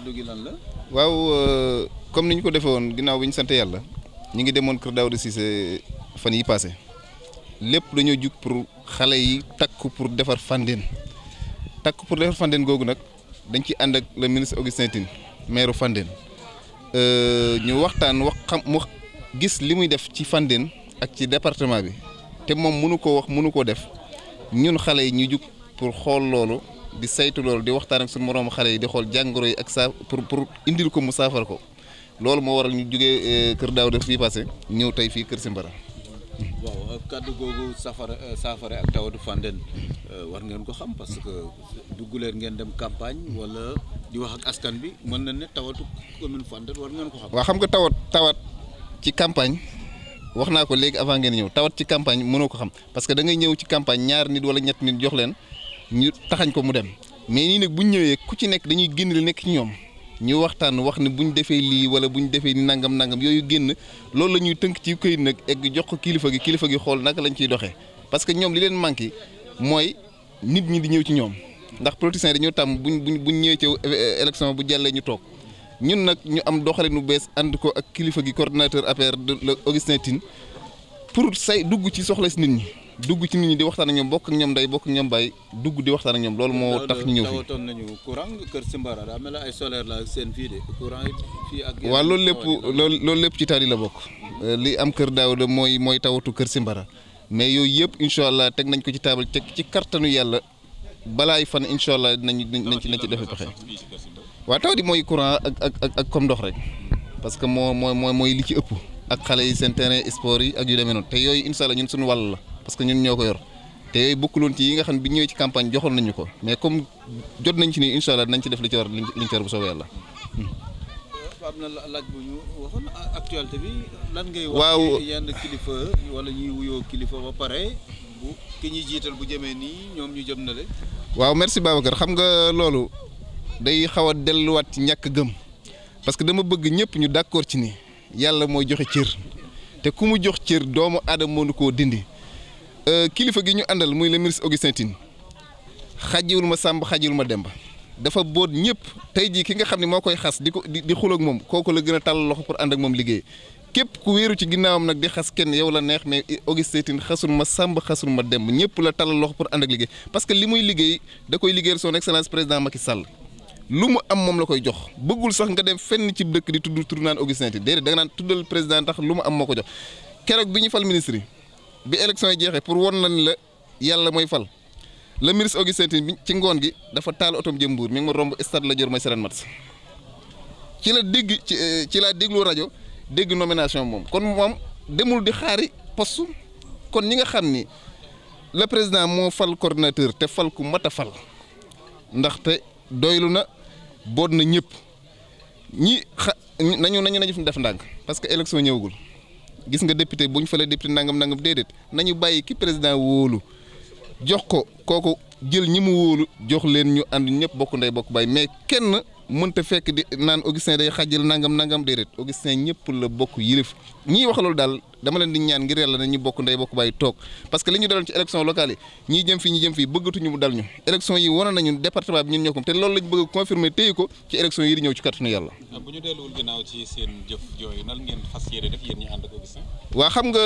kàddu gi lan la. waaw euh, comme ni ñu ko defee woon ginnaaw bi ñu sante yàlla ñu ngi demoon kër Daouda Cissé fan yi passé lépp dañoo jug pour xale yi takk pour defar Fandène takk pour defar Fandène googu nag dañ ci ànd ak le ministre Augustin Tine maire Fandène euh, ñu waxtaan wax xam mu gis li muy def ci Fandène ak ci département bi te moom mënu koo wax mënu koo def ñun xale yi ñu jug pour xool loolu. di saytu loolu di waxtaan ak suñu moroomu xale yi di xool jàngoro yi ak saa pour pour indil ko mu saafara ko loolu moo waral ñu jógee eh, kër daaw def fii passé ñëw tey fii kër Simbara waaw kàddu googu safara eh, saafara ak tawatu Fandène eh, war ngeen ko xam parce que dugguleen ngeen dem campagne wala di wax ak askan bi mën na ne tawatu commune Fandène war ngeen ko xam. waaw xam nga tawat tawat ci campagne wax naa ko léegi avant ngeen ñëw tawat ci campagne mënoo ko xam parce que da ngay ñëw ci campagne ñaar nit wala ñett nit jox leen. ñu taxañ ko mu dem mais nii nag bu ñu ñëwee ku ci nekk dañuy génn li nekk ci ñoom ñu waxtaan wax ne bu defee lii wala bu ñu defee ni nangam nangam yooyu génn loolu la ñuy tënk ci këyit nag egg jox ko kilifa gi kilifa gi xool naka lañu ciy doxee parce que ñoom li leen manqué mooy nit ñi di ñëw ci ñoom ndax politiciens dañoo tàmm buñ buñ buñ ñëwee ci élection bu jàllee ñu toog ñun nag ñu am doxalin bu bees ànd ko ak kilifa gi coordonnateur APR de Augustin Tine pour say dugg ci soxla si nit ñi. dugg ci nit ñi di waxtaan ak ñoom bokk ak ñoom day bokk ñoom bàyyi dugg di waxtaan ak ñoom loolu moo tax ñu ñëw fi tawatoon nañu courant kër Simbara daa mel ay solaire la seen fii de courant yi fii ak waaw loolu lépp loolu loolu lépp ci taal la bokk euh, li am kër Daouda mooy mooy tawatu kër Simbara mais yooyu yëpp incha allah teg nañ ko ci taabal teg ci kartanu yàlla balaay fan incha allah dinañ dinañ ci dinañ ci defe pexe waa taw di mooy courant ak ak ak ak comme ndox rek parce que moo moo mooy li ci ëpp ak xale yi seen terrain sport yi ak yu demee noonu te yooyu incha ñun suñu wàll la parce que ñun ñoo ko yor te yooyu bokkuloon ci yi nga xam ne bi ñëwee ci campagne joxoon nañu ko mais comme jot nañ ci nii incha allah dinañ def li ci war li ñu ci war bu soobee yàlla. am na laaj bu ñu actualité bi lan ngay wax yenn kilifa wala ñuy wuyoo kilifa ba pare ki ñuy jiital bu jëmee nii ñoom ñu jëm na waaw merci Babacar xam nga loolu day xaw a delluwaat ci ñàkk gëm parce que dama bëgg ñëpp ñu d'accord ci ni yàlla mooy joxe cër te ku mu jox cër doomu aadama mënu koo dindi Euh, kilifa gi ñu àndal muy le ministre Augustin Tine xajiwul ma sàmb xajiwul ma demba dafa boot ñëpp tey jii ki nga xam ne moo koy xas di ko di xuloog moom kooku la gën a tàll loxo pour ànd ak moom liggéey képp ku wéeru ci ginnaawam nag di xas kenn yow la neex mais Augustin Tine ma sàmb xasul ma demb ñëpp la tàll loxo pour ànd ak parce que li muy liggéey da koy liggéeyal son excellence président Macky Sall lu mu am moom la koy jox bëggul sax nga dem fenn ci dëkk di tudd tur naan Augustin Tine déedéet da nga naan tuddal président tax lu mu am moo ko jox keroog bi ñu fal ministre yi bi élection yi jeexee pour won la ni la yàlla mooy fal le ministre Augustin Tine bi ci ngoon gi dafa taal otom jëm Mbuur mi ngi ma romb stade la Dior may Sérène Match ci la dégg ci ci laa déglu rajo dégg nomination moom kon moom demul di xaari poste kon ñi nga xam ni le président moo fal coordinateur te fal ku mat a fal ndaxte doylu na boot na ñëpp ñi xa nañu nañu nañu def ndànk parce que élection ñëwagul. gis nga député bu ñu falee député nangam nangam déedéet nañu bàyyi ki président wóolu jox ko kooku jël ñi mu wóolu jox leen ñu ànd ñëpp bokk ndey bokk bàyyi mais kenn mënta fekk di naan Augustin day xajal nangam nangam déedéet Augustin ñëpp la bokk yilif ñii wax loolu daal dama leen di ñaan ngir yàlla na ñu bokk ndey bokk bàyyi toog parce que li ñu daloon ci élection locale yi ñii jëm fii ñi jëm fii bëggatuñu mu dal ñu élection yi wane nañu département bi ñun ñoo ko te loolu lañ bëgg a confirmer téye ko ci élection yi di ñëw ci kattanu yàlla. Ah, bu ñu delluwul ginnaaw ci seen jëf jooyu nan waa xam nga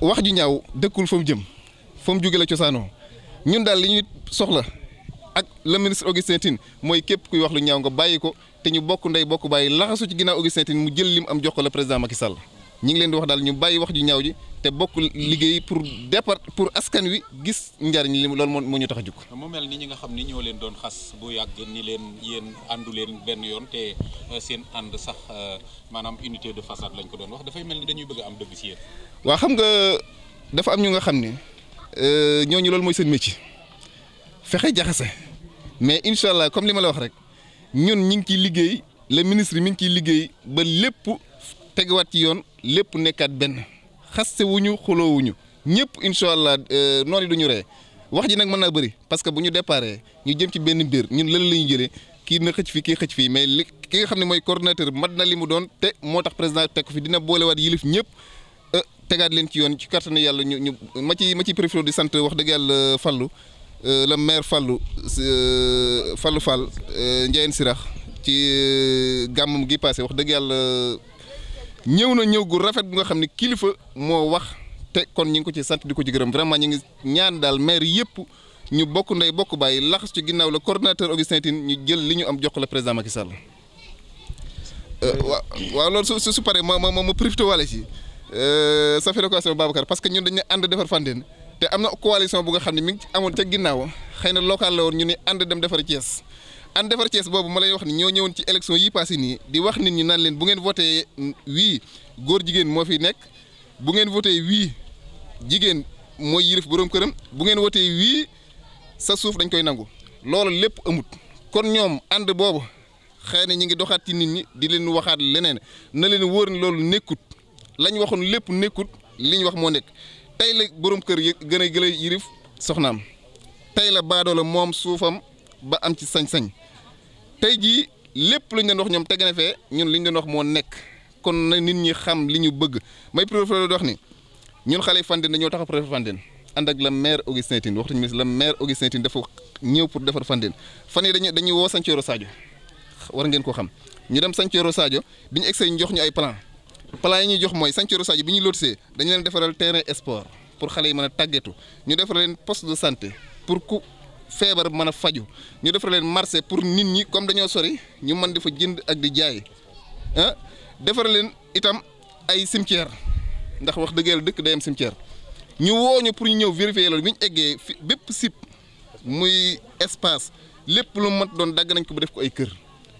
wax ju ñaaw dëkkul fa mu jëm fa mu jóge la cosaanoo ñun daal li ñu soxla ak le ministre Augustin Tine mooy képp kuy wax lu ñaaw nga bàyyi ko te ñu bokk ndey bokk bàyyi laxasu ci ginnaaw Augustin Tine mu jël lim am jox ko le président Macky Sall ñi ngi leen di wax daal ñu bàyyi wax ju ñaaw ji te bokk liggéey pour départ pour askan wi gis njariñ li loolu moo ñu tax jug. mu mel ni ñi nga xam ni ñoo leen doon xas bu yàgg ni leen yéen àndu leen benn yoon te euh, seen ànd sax euh, maanaam unité de façade lañ ko doon wax dafay mel ni dañuy bëgg am dëgg si yéen. waa xam nga dafa am ñu nga xam ni ne euh, ñooñu loolu mooy seen métier. fexe jaxase mais incha allah comme li ma la wax rek ñun ñu ngi ciy liggéey le ministre mi ngi ciy liggéey ba lépp tegawaat ci yoon lépp nekkaat benn xaste wu wuñu xuloo ñu ñëpp incha allah euh, noonu du ñu ree wax ji nag man naa bëri parce bu ñu déparé ñu jëm ci benn mbir ñun lan la ñu jëlee kii na xëcc fii kii xëcc fii mais li ki nga xam ne mooy coordonnateur mat na li mu doon te moo tax président teg ko fi dina boolewaat yilif ñëpp euh, tegaat leen ci yoon ci kattanu yàlla ñu ñu ma ci ma ciy préféré di sant wax dëgg yàlla Fallou Euh, le maire Fallou euh, Fallou Fall euh, Ndiayène Sirax ci gàmmam gi passé wax dëgg yàlla ñëw na ñëw gu rafet bu nga xam ni kilifa moo wax te kon ñu ngi ko ci sant di ko ci gërëm vraiment ñu ngi ñaan daal maire yëpp ñu bokk ndey bokk bàyyi laxas ci ginnaaw la coordinateur Augustin Tine ñu jël li ñu am jox la président Macky waa waaw waaw loolu su su su paree ma ma ma profité waale ci sa fédération Babacar parce que ñun dañu ànd defar Fandène te am na coalition bu nga xam ne mi ngi amoon ca ginnaaw xëy na local la woon ñu ne ànd dem defar Thiès ànd defar Thiès boobu ma lay wax ni ñoo ñëwoon ci élection yi passé nii di wax nit ñi naan leen bu wii góor jigéen moo fi nekk bu ngeen voté wii jigéen mooy yilif boroom këram bu ngeen voté wii sa suuf dañ koy nangu loolu lépp amut kon ñoom ànd boobu xëy na ñu ngi doxaat ci nit ñi di leen waxaat leneen na leen wóor ni loolu nekkut lañ waxoon lépp nekkut liñ wax moo nekk tey la boroom kër yi gën a gën a yirif soxnaam tey la baadoola moom suufam ba am ci sañ-sañ tey jii lépp lu ñu doon wax ñoom teg na fee ñun li ñu doon wax moo nekk kon na nit ñi xam li ñu bëgg may préféré dox ni ñun xale Fandène dañoo taxaw préféré Fandène ànd ak la maire Augustin Tine waxtuñu ministre la maire Augustin Tine dafa ñëw pour defar Fandène fan yi dañuy dañuy woo Santhioro Sadio war ngeen ko xam ñu dem Santhioro Sadio bi ñu egg see ñu ay plan plan yi ñuy jox mooy Santhiou Sadio bi ñu lotissé dañu leen defaral terrain sport pour xale yi mën a tàggetu ñu defaral leen poste de santé pour ku feebar bi mën a faju ñu defaral leen marché pour nit ñi comme dañoo sori ñu mën di fa jënd ak di jaay ah defaral leen itam ay cimetière ndax wax dëgg yàlla dëkk day am cimetière ñu wooñu pour ñu ñëw vérifier loolu bi ñu eggee fi bépp sip muy espace lépp lu mat doon dagg nañ ko ba def ko ay kër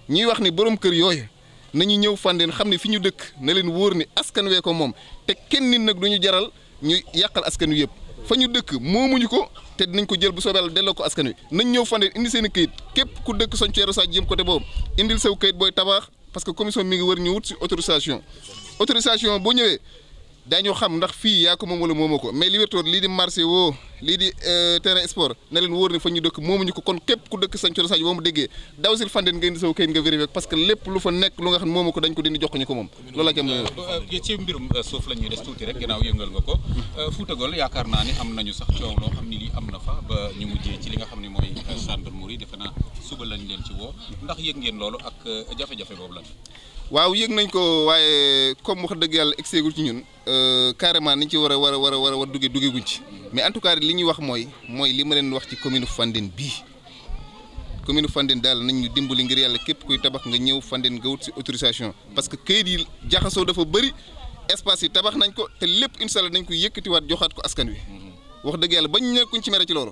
ñuy wax ni borom kër yooyu. nañu ñëw Fandène xam ne fi ñu dëkk na leen wóor ni askan wee ko moom te kenn nit nag du ñu jaral ñu yàqal askan wi yëpp fa ñu dëkk moomuñu ko te dinañ ko jël bu soobee Yàlla delloo ko askan wi nañ ñëw Fandène indi seen i képp ku dëkk Santhiou sa jëm côté boobu indil saw kayit booy tabax parce que commission mi ngi war ñu wut si autorisation autorisation boo ñëwee dañu xam ndax fii yaa ko moom wala moomoo ko mais Libertad lii di marché woo lii di euh, terrain sport na leen wóor ni fa ñu dëkk moomuñu ko kon képp ku dëkk sañ coro sañ boo mu déggee daw sil fanden nga indi saw kayit nga vérifié parce que lépp lu fa nekk lu nga xam nañu sax coow loo xam ne lii am na fa ba ñu mujjee ci li nga xam ne mooy gendarmerie euh, defe naa suba lañ leen ci woo ndax yëg ngeen loolu ak euh, jafe-jafe boobu la waaw yëg nañ ko waaye comme wax dëgg yàlla egseegul ci ñun Euh, carrément ni ñu ci war a war a war a war a duggee duggee guñ ci mais en tout cas li ñuy wax mooy mooy li ma leen wax ci commune Fandène bii commune Fandène daal nañ ñu dimbali ngir yàlla képp kuy tabax nga ñëw Fandène nga wut si autorisation parce que kayit yi jaxasoo dafa bëri espace yi tabax nañ ko te lépp incha allah dañ koy yëkkatiwaat joxaat ko askan wi wax dëgg yàlla bañ ñu kuñ ci mere ci loolu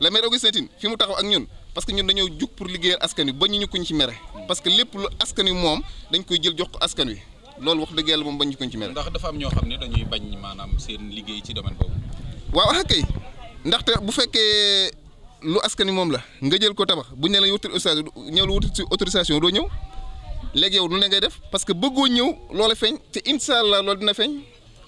la maire Augustin Tine fi mu taxaw ak ñun parce que ñun dañoo jug pour liggéeyal askan wi bañu ñu kuñ ci mere parce que lépp lu askan wi moom dañ koy jël jox askan wi. loolu wax dëgg yàlla moom bañ koñ ci mel. ndax dafa am ñoo xam ne dañuy bañ maanaam seen liggéey ci domaine boobu. waaw ah kay ndaxte bu fekkee lu askan wi moom la nga jël ko tabax bu ñu la wutal autorisation ñëw lu wutal autorisation doo ñëw léegi yow lu ngay def parce que bëggoo ñëw loola feeñ te incha allah loolu dina feeñ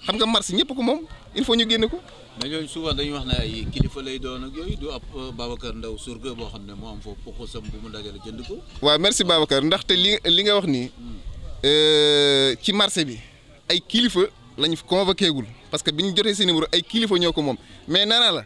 xam nga marché ñëpp ko moom il faut ñu génne ko. mais ñooñu souvent dañuy wax na ay kilifa lay doon ak yooyu du ab euh, Babacar Ndaw surga boo xam ne moom am foofu xuusam bu mu dajale jënd ko. waaw merci Babacar ndaxte li li nga wax nii. Hmm. ci marché bi ay kilifa lañu convoqué gul parce que bi ñu jotee seen numéro ay kilifa ñoo ko moom mais nee naa la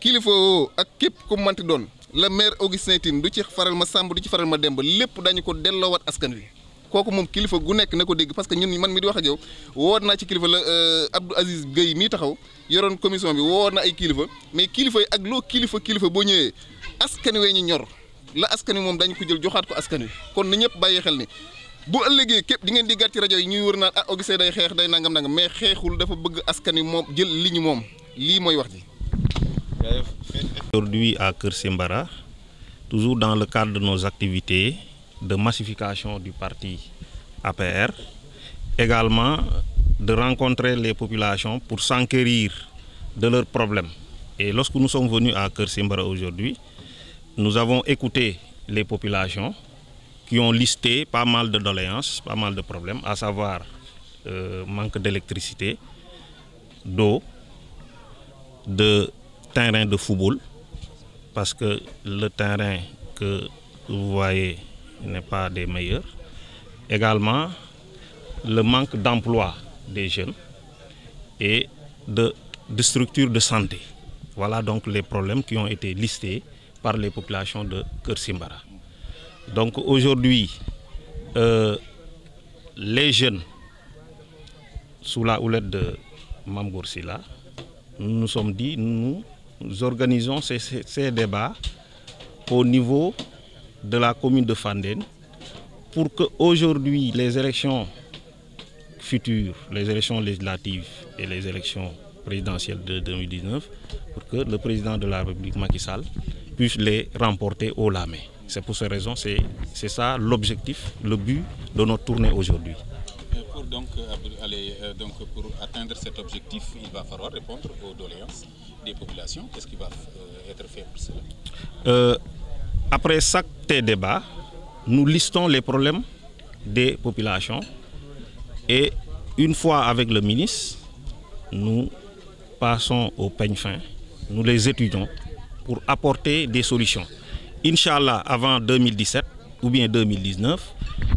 kilifa ak képp ku manti doon la maire Augustin Tine du ci faral ma sàmb du ci faral ma demb lépp dañu ko delloowaat askan wi kooku moom kilifa gu nekk na ko dégg parce que ñun man mi di wax ak yow woor naa ci kilifa la euh, Abdou Aziz Guèye mii taxaw yoroon commission bi woor na ay kilifa mais kilifa yi ak loo kilifa kilifa boo ñëwee askan ñu ñor la askan wi moom dañu ko jël joxaat ko askan wi kon na ñëpp bàyyi xel ni bu ëllëgee képp di ngeen di gàtt rajo yi ñuy wër a ah Augustin day xeex day nangam nangam mais xeexul dafa bëgg askan wi moom jël li ñu moom lii mooy wax ji. Aujourd'hui à Kër mbara toujours dans le cadre de nos activités de massification du parti APR également de rencontrer les populations pour s'enquérir de leurs problème et lorsque nous sommes venus à Kër Sembara aujourd'hui nous avons écouté les populations qui ont listé pas mal de doléances, pas mal de problèmes, à savoir euh, manque d'électricité, d'eau, de terrain de football, parce que le terrain que vous voyez n'est pas des meilleurs. Également, le manque d'emploi des jeunes et de, de structures de santé. Voilà donc les problèmes qui ont été listés par les populations de Kersimbara. donc aujourd'hui euh, les jeunes sous la houlette de Mame Gor Sylla nous nous sommes dit nous organisons ces, ces, débats au niveau de la commune de Fandène pour que aujourd'hui les élections futures les élections législatives et les élections présidentielles de 2019 pour que le président de la République Macky Sall puisse les remporter haut la main C'est pour ces raisons, c'est ça l'objectif, le but de notre tournée aujourd'hui. Pour, donc, euh, aller, euh, donc, pour atteindre cet objectif, il va falloir répondre aux doléances des populations. Qu'est-ce qui va euh, être fait Après chaque débat, nous listons les problèmes des populations et une fois avec le ministre, nous passons au peigne fin, nous les étudions pour apporter des solutions. incha allah avant 2017 ou bien 2019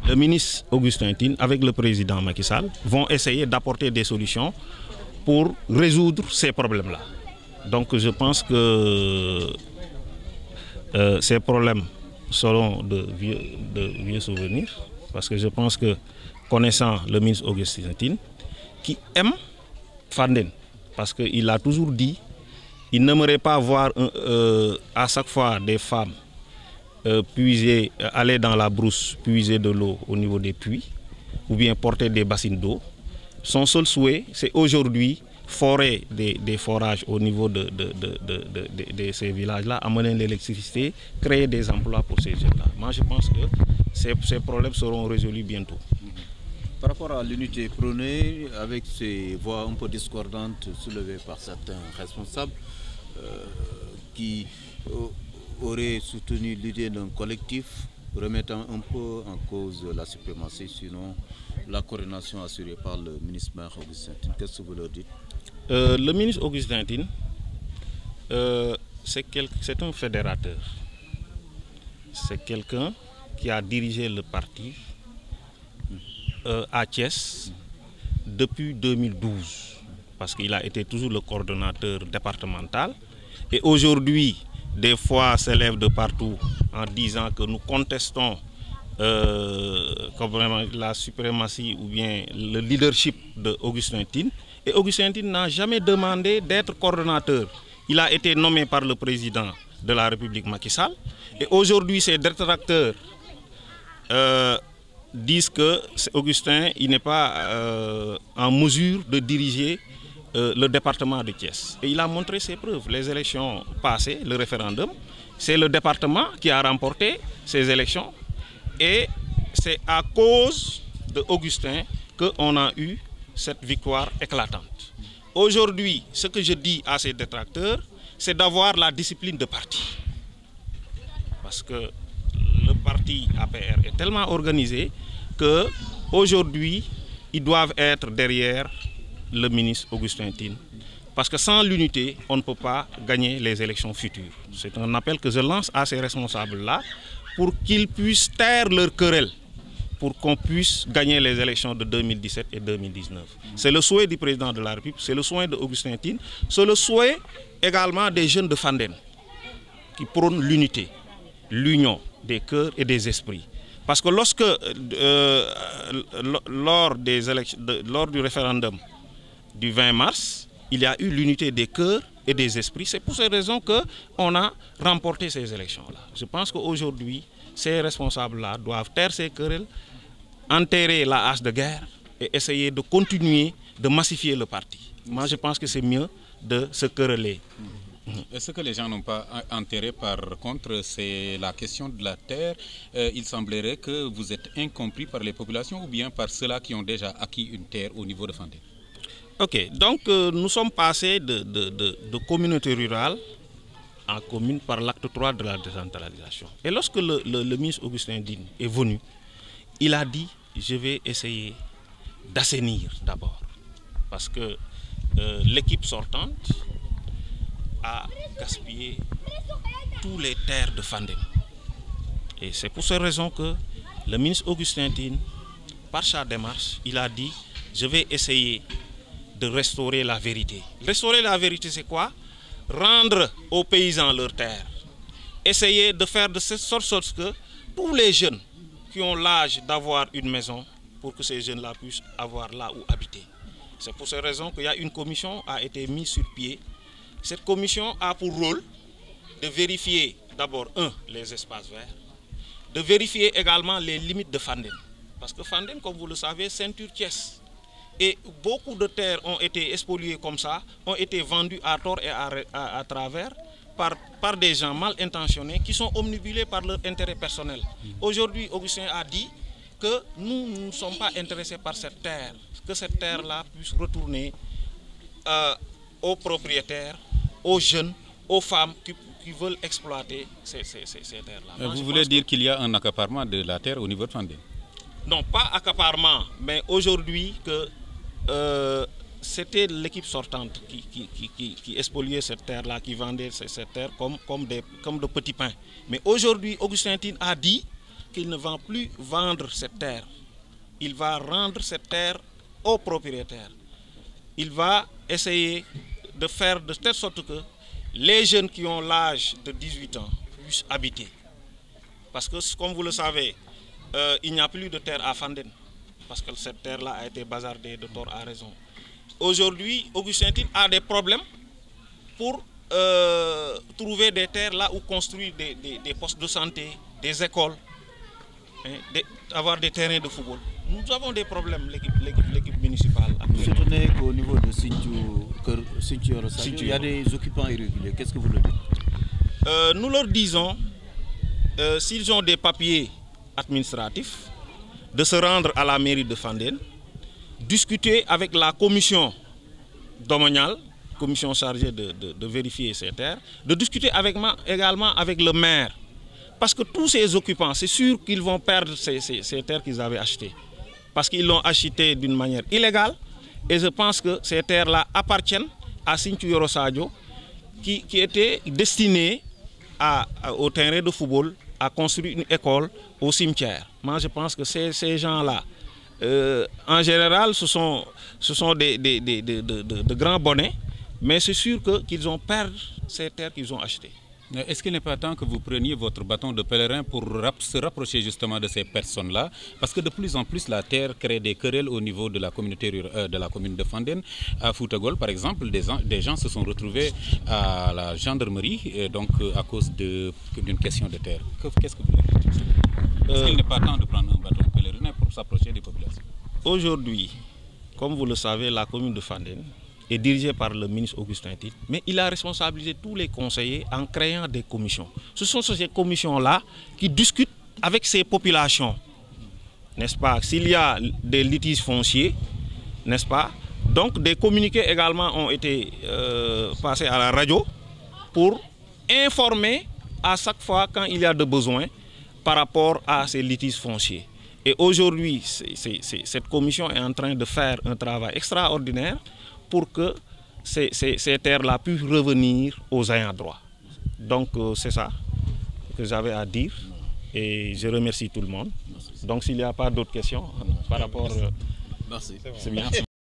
le ministre Augustin Tine avec le président Macky Sall vont essayer d'apporter des solutions pour résoudre ces problèmes-là donc je pense que euh, ces problèmes seront de vieux de souvenirs parce que je pense que connaissant le ministre Augustin Tine qui aime Fandène parce que il a toujours dit il n'aimerait pas voir euh, à chaque fois des femmes Euh, puiser, euh, aller dans la brousse, puiser de l'eau au niveau des puits ou bien porter des bassines d'eau. Son seul souhait, c'est aujourd'hui forer des, des, forages au niveau de, de, de, de ces villages-là, amener l'électricité, créer des emplois pour ces jeunes-là. Moi, je pense que ces, ces, problèmes seront résolus bientôt. Par rapport à l'unité prônée, avec ces voix un peu discordantes soulevées par certains responsables, euh, qui... Euh, aurait soutenu l'idée d'un collectif remettant un peu en cause la suprématie, sinon la coordination assurée par le ministre Maire Augustin Tine. vous leur dites euh, Le ministre Augustin Tine, euh, c'est quel... un fédérateur. C'est quelqu'un qui a dirigé le parti euh, à Thiès depuis 2012, parce qu'il a été toujours le coordonnateur départemental. Et aujourd'hui, des fois s'élèvent de partout en disant que nous contestons euh, la suprématie ou bien le leadership de Augustin Tine. Et Augustin Tine n'a jamais demandé d'être coordonnateur. Il a été nommé par le président de la République Macky Sall. Et aujourd'hui, ces détracteurs euh, disent que Augustin, il n'est pas euh, en mesure de diriger Euh, le département de Thiès. Et il a montré ses preuves. Les élections passées, le référendum, c'est le département qui a remporté ces élections. Et c'est à cause de Augustin qu'on a eu cette victoire éclatante. Aujourd'hui, ce que je dis à ces détracteurs, c'est d'avoir la discipline de parti. Parce que le parti APR est tellement organisé que aujourd'hui, ils doivent être derrière le ministre Augustin Tine. Parce que sans l'unité, on ne peut pas gagner les élections futures. C'est un appel que je lance à ces là pour qu'ils puissent taire leur querelle, pour qu'on puisse gagner les élections de 2017 et 2019. C'est le souhait du président de la République, c'est le souhait d'Augustin Tine, c'est le souhait également des jeunes de Fanden qui prônent l'unité, l'union des cœurs et des esprits. Parce que lorsque, euh, euh lors, des de, lors du référendum, du 20 mars, il y a eu l'unité des cœurs et des esprits. C'est pour ces raisons qu'on a remporté ces élections-là. Je pense qu'aujourd'hui, ces responsables-là doivent taire ces querelles, enterrer la hache de guerre et essayer de continuer de massifier le parti. Moi, je pense que c'est mieux de se quereller. Mmh. Et ce que les gens n'ont pas enterré par contre, c'est la question de la terre. Euh, il semblerait que vous êtes incompris par les populations ou bien par ceux-là qui ont déjà au niveau de Fandé. Ok, donc euh, nous sommes passés de, de, de, de communauté rurale en commune par l'acte 3 de la décentralisation. Et lorsque le, le, le ministre Augustin Dine est venu, il a dit je vais essayer d'assainir d'abord. Parce que euh, l'équipe sortante a gaspillé tous les terres de Fandem. Et c'est pour cette raison que le ministre Augustin Dine, par sa démarche, il a dit je vais essayer de restaurer la vérité. Restaurer la vérité, c'est Rendre aux paysans leurs terres. Essayer de faire de cette sorte que tous les jeunes qui ont l'âge d'avoir une maison, pour que ces jeunes-là puissent avoir là où habiter. C'est pour cette raison qu'il y a une commission a été mise sur pied. Cette commission a pour rôle de vérifier d'abord, un, les espaces verts, de vérifier également les limites de Fandem. Parce que Fandem, comme vous le savez, ceinture pièce Et beaucoup de terres ont été expoliées comme ça, ont été vendues à tort et à, travers par, par des gens mal intentionnés qui sont omnibulés par leur intérêt personnel. Mm. Aujourd'hui, Augustin a dit que nous, nous ne sommes pas intéressés par cette terre, que cette terre-là puisse retourner euh, aux propriétaires, aux jeunes, aux femmes qui, qui veulent exploiter ces, ces, ces, ces terres-là. Euh, vous voulez dire qu'il qu y a un accaparement de la terre au niveau de Fandé Non, pas accaparement, euh, c'était l'équipe sortante qui, qui, qui, qui, expoliait cette terre-là, qui vendait cette terre comme, comme, des, comme de petits pains. Mais aujourd'hui, Augustin Tine a dit qu'il ne va plus vendre cette terre. Il va rendre cette terre au propriétaire. Il va essayer de faire de telle sorte que les jeunes qui ont l'âge de huit ans puissent habiter. Parce que, comme vous le savez, euh, il n'y a plus de terre à Fanden. parce que cette terre-là a été bazardée de tort à raison. Aujourd'hui, Augustin Tine a des problèmes pour euh, trouver des terres là où construire des, des, des postes de santé, des écoles, hein, des, avoir de football. Nous avons des problèmes, l'équipe municipale. Vous de Sintioro, il y a des occupants irréguliers. Qu'est-ce que vous euh, Nous leur disons, euh, s'ils ont des papiers administratifs, de se rendre à la mairie de Fandène discuter avec la commission domaniale commission chargée de de de vérifier ces terres de discuter avec ma également avec le maire parce que tous ces occupants c'est sûr qu'ils vont perdre ces ces ces terres qu'ils avaient achetées parce qu'ils l'ont acheté d'une manière illégale et je pense que ces terres-là appartiennent à Sinthiou Yoro Sadio qui qui était destiné à, à au terrain de football a construit une école au cimetière. Moi, je pense que ces, ces gens-là, euh, en général, ce sont, ce des, des, des, de, de, de, grands bonnets, mais c'est sûr qu'ils qu ont perdu ces terres qu'ils ont achetées. Euh, est-ce qu'il n'est pas temps que vous preniez votre bâton de pèlerin pour se rapprocher justement de ces personnes-là Parce que de plus en plus, la terre crée des querelles au niveau de la, communauté, euh, de, la commune de Fanden. À Foutagol, par exemple, des, des, gens se sont retrouvés à la gendarmerie et euh, donc euh, à cause d'une question de terre. Qu'est-ce que vous voulez dire Est-ce qu'il euh, n'est pas temps de prendre un bâton de pèlerin pour s'approcher des populations Aujourd'hui, comme vous le savez, la commune de Fanden est dirigé par le ministre Augustin Tite, mais il a responsabilisé tous les conseillers en créant des commissions. Ce sont ces commissions-là qui discutent avec ces populations, n'est-ce pas a des litiges fonciers, n'est-ce pas Donc des communiqués également ont été euh, passés à la radio pour informer à chaque fois quand il y a de besoins par rapport à ces litiges fonciers. Et aujourd'hui, cette commission est en train de faire un travail extraordinaire pour que ces, ces, ces terres-là puissent revenir aux ayants droit. Donc euh, c'est ça que j'avais à dire et je remercie tout le monde. Donc s'il n'y a pas d'autres questions par rapport... Euh, Merci. C'est bon. bien.